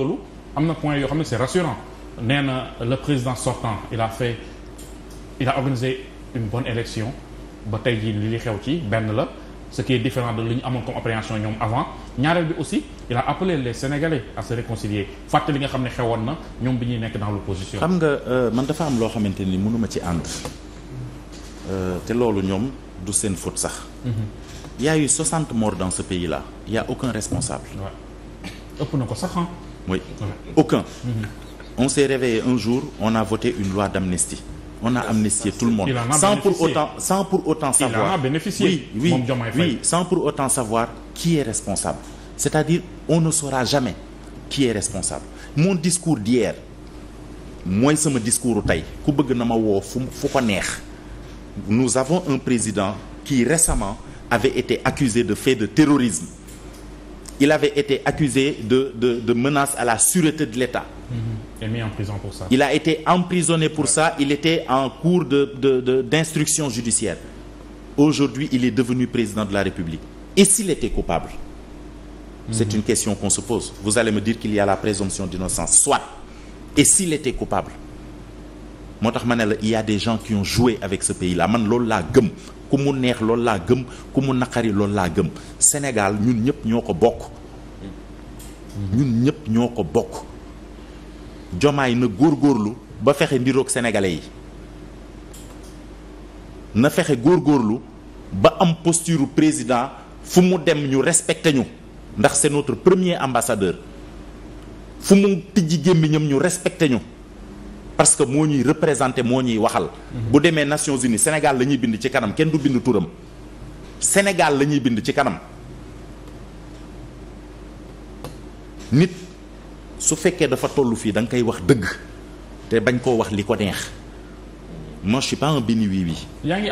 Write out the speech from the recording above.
loolu am na point yoo xam ne c'est rassurant nee na le président sortant il a fait il a organisé une bonne élection ba tey jii li li xew ci benn la ce qui est différent de li ñu amoon comme appréhension ñoom avant ñaareel bi aussi il a appelé les sénégalais a se réconcilier fàtte li nga xam ne xewoon na ñoom bi ñuy nekk dans l'opposition xam nga euh, man dafa am loo xamante ni mënuma ci ànd euh, te loolu ñoom du seen faute sax mm-hmm. y a eu 60 morts dans ce pays là il a oui on s'est réveillé un jour on a voté une loi d'amnistie on a amnistié tout le monde sans pour autant savoir oui oui sans pour autant savoir qui est responsable c'est-à-dire on ne saura jamais qui est responsable mon discours d'hier mooy sama discours tey ku bëgg na ma woo fu fu nous avons un président qui récemment avait été accusé de fait de terrorisme il avait été accusé de de de à la sûreté de l'État. Mmh. Et mis en prison pour Il a été emprisonné pour ça, il était en cours de de de d'instruction judiciaire. Aujourd'hui, il est devenu président de la République. Et s'il était coupable? Mm-hmm. C'est une question qu'on se pose. Vous allez me dire qu'il y a la présomption d'innocence, soit. Et s'il était coupable? moo tax ma ne la il y a des gens qui ont joué avec ce pays là man loolu laa gëm ku mu neex loolu laa gëm ku mu naqari loolu laa gëm Sénégal ñun ñëpp ñoo ko bokk ñun ñëpp ñoo ko bokk jomaay na góor góorlu ba fexe ndiroog sénégalais yi na fexe góor góorlu ba am posture président fu mu dem ñu respecté ñu ndax c'est notre premier ambassadeur fu mu tijji gémmiñam ñu respecté ñu parce que moo ñuy représenté moo ñuy waxal mhm. bu demee Nations Unies Sénégal la ñuy bind ci kanam kenn du bind turam Sénégal la ñuy bind ci kanam nit su fekkee dafa tollu fii danga nga koy wax dëgg te bañ koo wax li ko neex moi je suis pas un béni oui